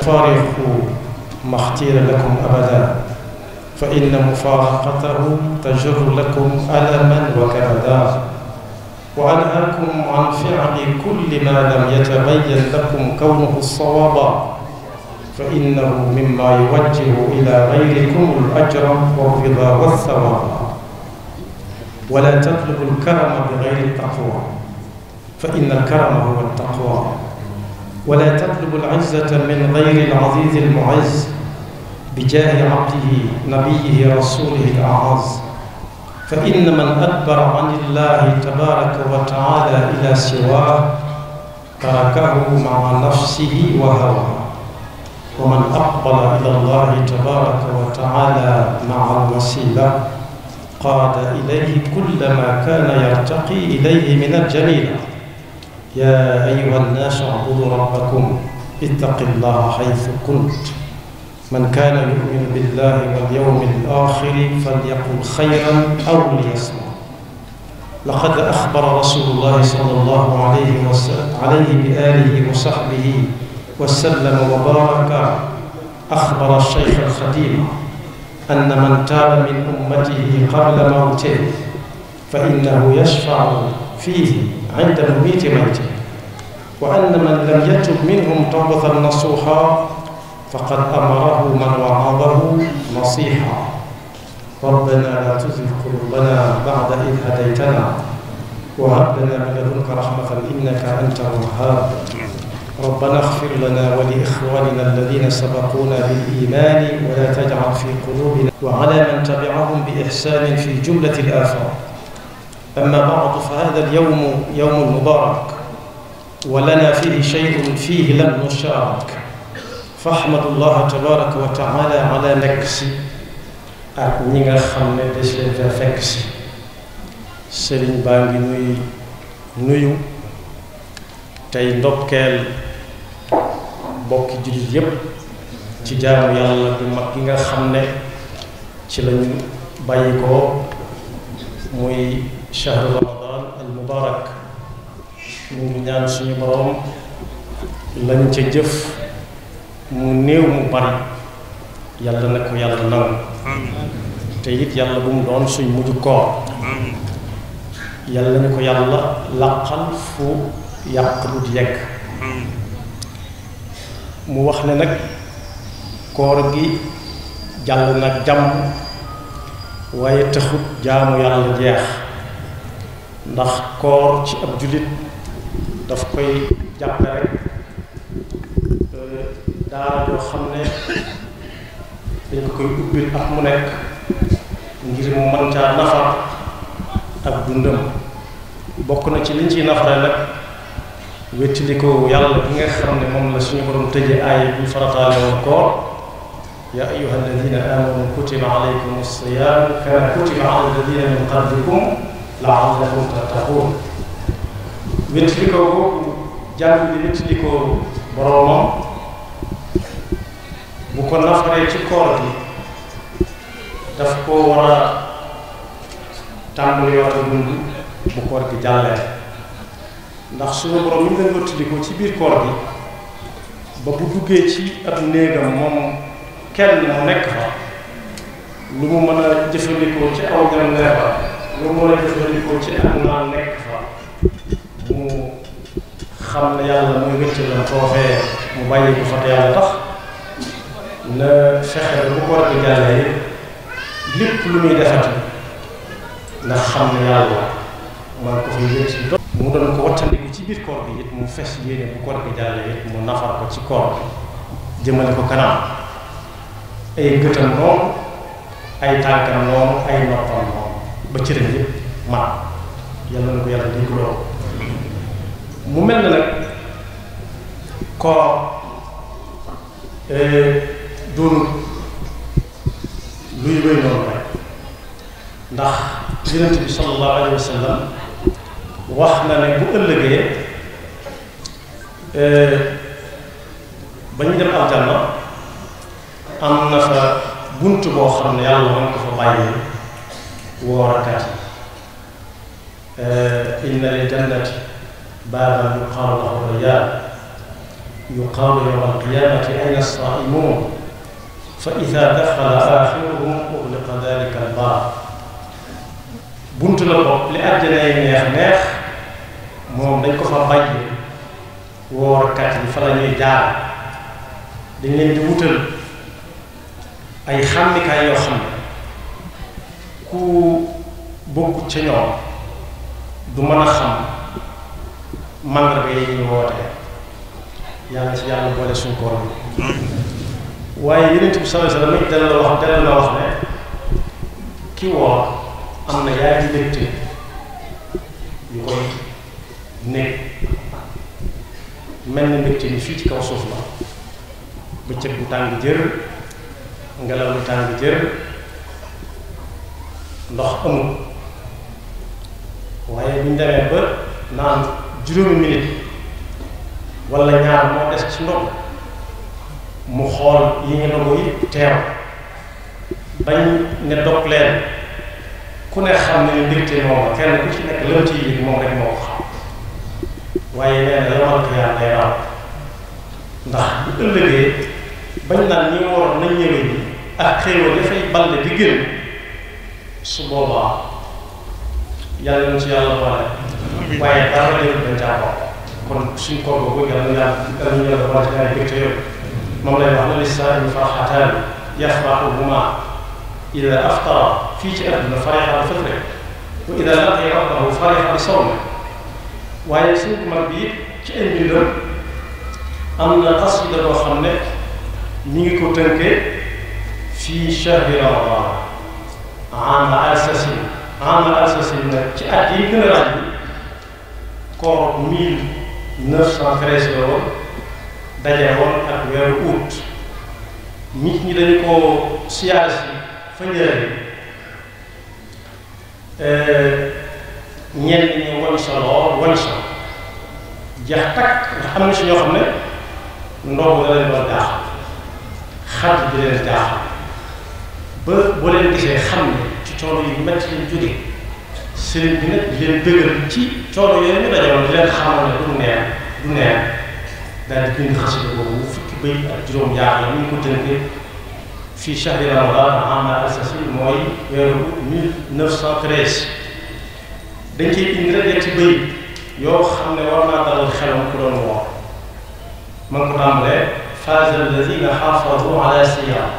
فارقوا ما اختير لكم أبدا فإن مفارقته تجر لكم ألما وكبدا وأنهاكم عن فعل كل ما لم يتبين لكم كونه الصواب فإنه مما يوجه إلى غيركم الأجر والرضا والثواب wala tatlubu alkarama bi gayri taqwa fa inna alkarama huwa altaqwa wala tatlubu al'izzata min gayri alazizi almu'izz bi jaahi abdihi nabiyihi rasulihi al'az fa inna man adbara an illahi tabaraka wa taala ila siwaa tarakahu maa nafsihi wa hawaa wa man aqbala ila allahi tabaraka wa taala maa alwasila qaada ilayhi kulla maa kaana yartaqi ilayhi min aljamiila yaa ayyuha nnaasu ubudu rabbakum ittaqi llaha xaysu kuntum man kaana yuminu billahi wal yawmi l-aaxiri falyaqul xayran aw liyasmut laqad axbara rasuulullaahi sallallaahu alayhi wa aalihi wa sahbihi wa sallama wa baaraka axbara ash-shaykh al-xadiim أن من تاب من أمته قبل موته فإنه يشفع فيه عند مميت موته وأن من لم يتب منهم توبة نصوحا فقد أمره من وعظه نصيحا ربنا لا تزغ قلوبنا بعد إذ هديتنا وهب لنا من لدنك رحمة إنك أنت الوهاب ربنا اغفر لنا ولإخواننا الذين سبقونا بالإيمان ولا تجعل في قلوبنا وعلى من تبعهم بإحسان في جملة الآثار أما بعد فهذا اليوم يوم مبارك ولنا فيه شيء فيه لم نشارك فاحمد الله تبارك وتعالى على nekk si ak ñi nga xam ne des leen fa fekk si sëriñ baa ngi nuy nuyu tey ndokkeel bokki jullit yépp ci jaamu yàlla bu mag gi nga xam ne ci lañu bàyyi ko muy shahru ramadan al mubarak mu ngi ñaan suñu boroom lañ ca jëf mu néew mu bari yàlla na ko yàlla nangu te it yàlla bu mu doon suñ mujj koor yàlla na ko yàlla làqal fu yàq du yegg mu wax ne nag koor gi jàll nag jàmm waaye taxut jaamu yàlla jeex ndax koor ci ab jullit daf koy jàppe rek euh, daara xam ne dañ koy ubbil ak mu nekk ngir mu caa nafar ak dundam bokk na ci liñ ciy nafare nag wéttilikoo yàlla bi nga xam ne moom la suñu borom tëje aaya bi farataale woon koor yaa ayuha alladina amanu kutiba alaykum alsiyaam kama kutiba ala alladina min qablikum laallakum tattaqun wéttilikoo boobu jàmm bi wéttilikoo boromam bu ko nafaree ci koor gi daf ko war a tàmbali yoon dund bu koor gi jàllee ndax suñu borom mi nga wëttalikoo ci biir koor bi ba bu duggee ci ab néegam moom kenn mu nekk fa lu mu mën a jëfandikoo ci aw ñam nekk fa mu a jëfandikoo xam ne yàlla muy wëcc la foofee mu bàyyi ko fa te yàlla tax na fexe bu koor bi jàllee lépp lu muy defati ndax xam ne yàlla man ko fay wëcc mu doon ko wattandi ci biir koor gi it mu fes yéene bu koor gi jàllee it mu nafar ko ci koor gi jëmale ko kanam ay gëtam noonu ay tànkam noonu ay noppam noonu ba cëram yëpp mat yàlla na ko yàlla dégg loolu mu mel nag koor e, doonul luy wéy noonu rek ndax yonent bi sallallahu alayhi wa sallam wax na ne bu ëllëgee euh, ba ñu dem aljanna am na fa bunt boo xam ne yàlla mën ko fa bàyyi woorakat yi euh, inna li jannati baaban yuqaalu lahu rayyan yuqaalu yawma alqiyamati ayna saimun fa ida daxala axiruhum uxliqa dalika albaab bunt la bopp li àjjana yi neex neex moom dañ ko fa bàyyi woorkat yi fa la ñuy jaar dañ leen di wutal ay xàmmikaay yoo xam ne ku bokk ca ñoom du mën a xam mandarga yi ñu woote yàlla ci yàlla boole suñu waaye yeneen bi sallallahu alayhi wasallam dana la wax dana la wax ne ki woor am na yaay di dégte yu koy ne mel na mbégte mi fii ci kaw suuf la bëccëg bu tàng jër ngelaw lu tàng jër ndox amul waaye bu ñu demee ba naan juróomi minute wala ñaar moo des ci ndox mu xool yi ñu dogo yi teew bañ ne dog leen ku ne xam ne mbégte moom kenn moom rek moo ko xam waaye nee na yomal xiyaam day raw ndax bu ëllëgee bañ naan ñi ma waroon nañ ñëwee ni ak xéewal dafay balde di gën su boobaa yàlla na ci yàlla boole waaye dara déwén dañ caa kon suñ koor boobu yàlla na yàlla na yàlla boole ci ay gëj yëpp moom lay wax na lisaani farxataani yafraxuhuma ida aftara fii ci àdduna farixa bi fitri wa ida laqiya rabbahu farixa bi sawmi waaye suñ ko mag bi ci ay mbindam am na xasida boo xam ne mi ngi ko tënkee fii shahri ramadan ama alsasin ama alsasin nag ci at yi gën a ràññ koor mille neuf cent treize la woon daje woon ak weeru août nit ñi dañu ko siyaas yi fa euh, njëriñ ñenn ñi wan sa lool wan takk ndax am na si xam ne ndox la leen doon jaaxal xadd di leen jaaxal ba boo leen gisee xam ne ci coono yu métti lañ jógee sëriñ bi nag di leen dëgëral ci coono yooyu ñu dajoon di leen xamal ne du neen du neen daal di bind xasida boobu fukki bay ak juróom jaaxal ñu ko tënkee fii chahri ramadan ama alsasi mooy weeru 1913 dañ ciy indi rek ñetti bëy yoo xam ne war naa dalal xelam ku doon ko tàmbalee faaza alladina xaafazu ala siyaam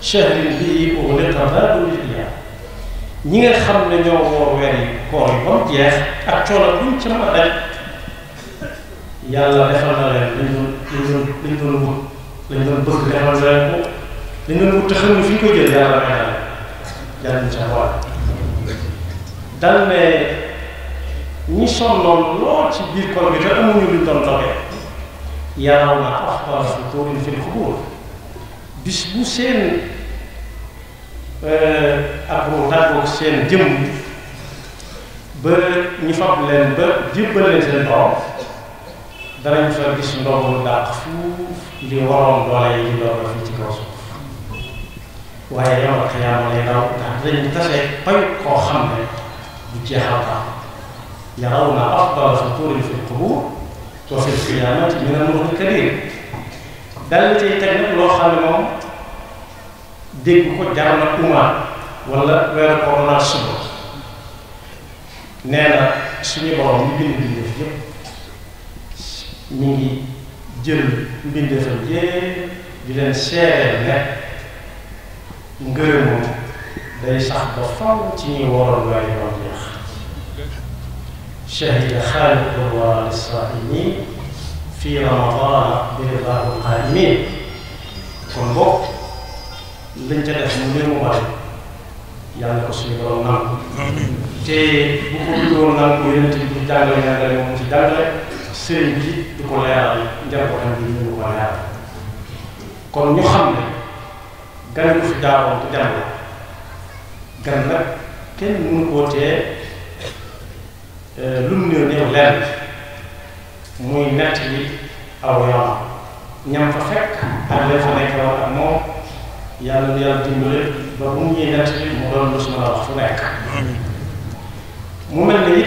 shahrin bii ughliqa baabul iyaam ñi nga xam ne ñoo woor weer yi koor yi ba jeex ak coono buñ ca mën a daj yàlla defal na leen lañ doon lañ doon wut lañ doon bëgg defal ko lañ fi ko jël yàlla may na leen yàlla ñu dal ne ñi sonnoon lool ci biir koor gi te amuñu luñ doon doxee yaraw naa axbaar su tóorin fil xubur bis bu seen euh, ak mu tàggoog seen jëmm ba ñu fab leen ba leen seen borom danañ fa gis ndoxu dàq fuuf li waroon doole yi ñu fii ci waaye yow ak yaa ma lay daw ndax dañu tase payu koo xam ne بالجهرة يرون أكبر الفطور في القبور وفي القيامة من النور الكبير dal cay teg nag loo xam ne moom dégg ko jar na umaan wala weeru koor naa suba nee na suñu borom ñu bind mbindeef yépp ñu ngi jël mbindeefam yépp di leen seereel ne ngërëmoom day sax ba faw ci ñuy waroon waaye yoon jeex shahida xaaliqul waraa fi ramadaana bi ridaahul qaaimin kon bokk lañ ca def mu mbir mu bari yàlla ko suñu borom nangu te bu ko doon nangu yonent bi du jàngale jàngale moom ci jàngale sëriñ bi du ko leeral njabootam bi ñu ko leeral kon ñu xam ne gan gu fi daawoon du dem gan nag kenn mënu koo euh, lu mu néew néew lenn muy nett bi aw yoon ñam fa fekk ak leen fa nekk woon ak moom yàlla na yàlla dimbale ba bu mu ñuy nett bi mu doon lu su ma la fu nekk mu mel ni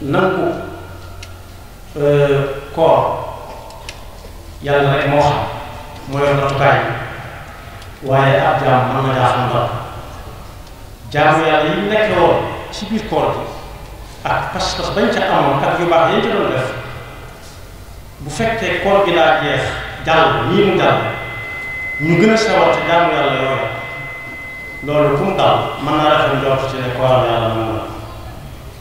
nangu euh, koor yàlla rek moo xam mooy matukaay waaye ab jaam mën na daa am ndam jaamu yàlla yi nekk woon ci biir koor bi ak pas-pas bañ ca amoon ak yu baax yañ ca doon def bu fekkee koor gi daa jeex jàll nii mu jàll ñu gën a sawar ci jaamu yàlla loolu ku mu dal mën naa rafet njort ci ne kooram yàlla moom la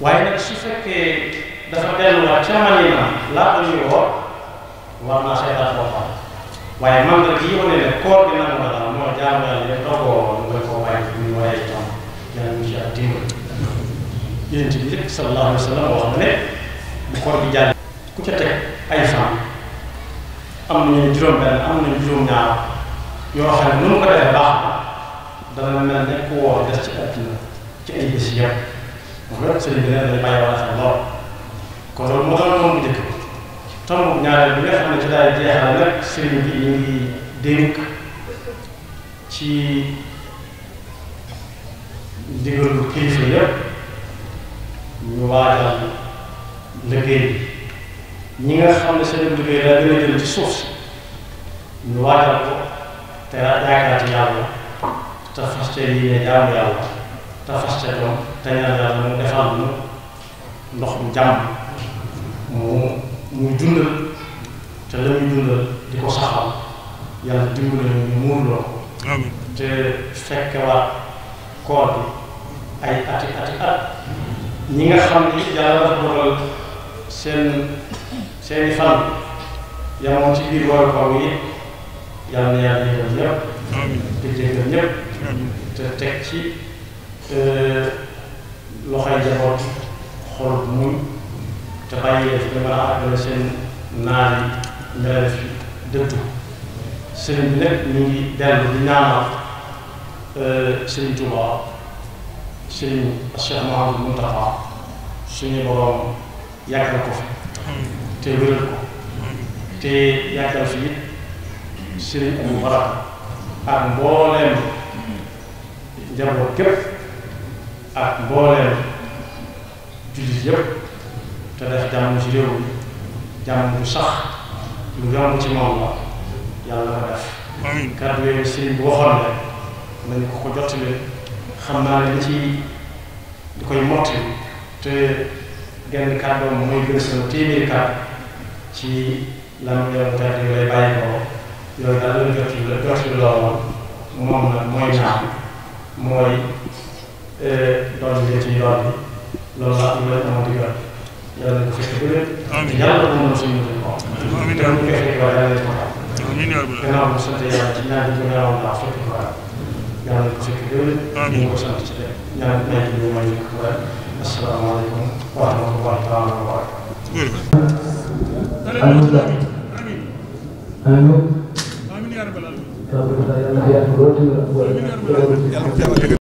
waaye nag su fekkee dafa delluwaat ca maniina laa ko ñuy woor war naa seetaat boppam waaye mandarga yi wane ne koor gi nangu na moo jaamu ci biir waaye itam yàlla ñu ci ak dimbal juróom-benn yoo xam ne nu mu ko defee baax mel ne ku woor des ci àddina ci ay bés yëpp moom rek sëriñ bi ne dañu bàyyi wala sa lool kon loolu moo doon moom bu njëkk tomb ñaareel bi nga xam ne ci daal jeexal nag sëriñ bi ñu ngi dénk ci ndigalu kilifa yépp ñu waajal liggéey bi ñi nga xam ne seen liggéey daa gën a ci suuf si ñu waajal ko te yaakaar ci yàlla te fas ca yi ne jaamu yàlla te fas ca doom te ñaan yàlla mu defal nu ndox mu jàmm mu mu dundal te la muy dundal di ko saxal yàlla dimbali ñu muur loo ko te fekkewaat koor bi ay ati ati at ñi nga xam ni yàlla dafa dogal seen seeni fan yamoon ci biir wàllu kaw yi yàlla na yàlla di jéggal ñëpp te teg ci euh, loxoy jaboot te bàyyi leen fi dama la seen naaj yi nga leen fi dëddu sëriñ bi nag ñu ngi dellu di ñaanal euh, sëriñ Touba sëriñ Cheikh Mouhamadou Mountakha suñu borom yàggal ko fi te wéral ko te yàggal fi it sëriñ Abou Baraka ak mbooleem njaboot képp ak mbooleem jullit yëpp. te def jàmm ci réew jàmm bu sax lu yomb ci moom la yàlla ko def kàddu yooyu bu waxoon rek nañu ko ko jottali xam naa ne ci di koy mottali te genn kàddoom mooy gën sama téeméeri ci lam yoon tey lay bàyyi ko yooyu daal lañ jot la loolu moom nag mooy naam mooy doon li ci yoon bi loolu laa am la amoon di jot yàlla na ko fexe bu leen. yàlla na ko suñu ko am. te bu fekkee ko yàlla na ko am. gannaaw bu sant yàlla ci ñaari ñu ñaawoon naa fekk ko am. yàlla na ko fexe bu leen. ñu ko sant ci ñaari ñaari ñu may ñu ko am. asalaamaaleykum wa rahmatulah taala wa barakatuh. alhamdulilah. amiin. amiin.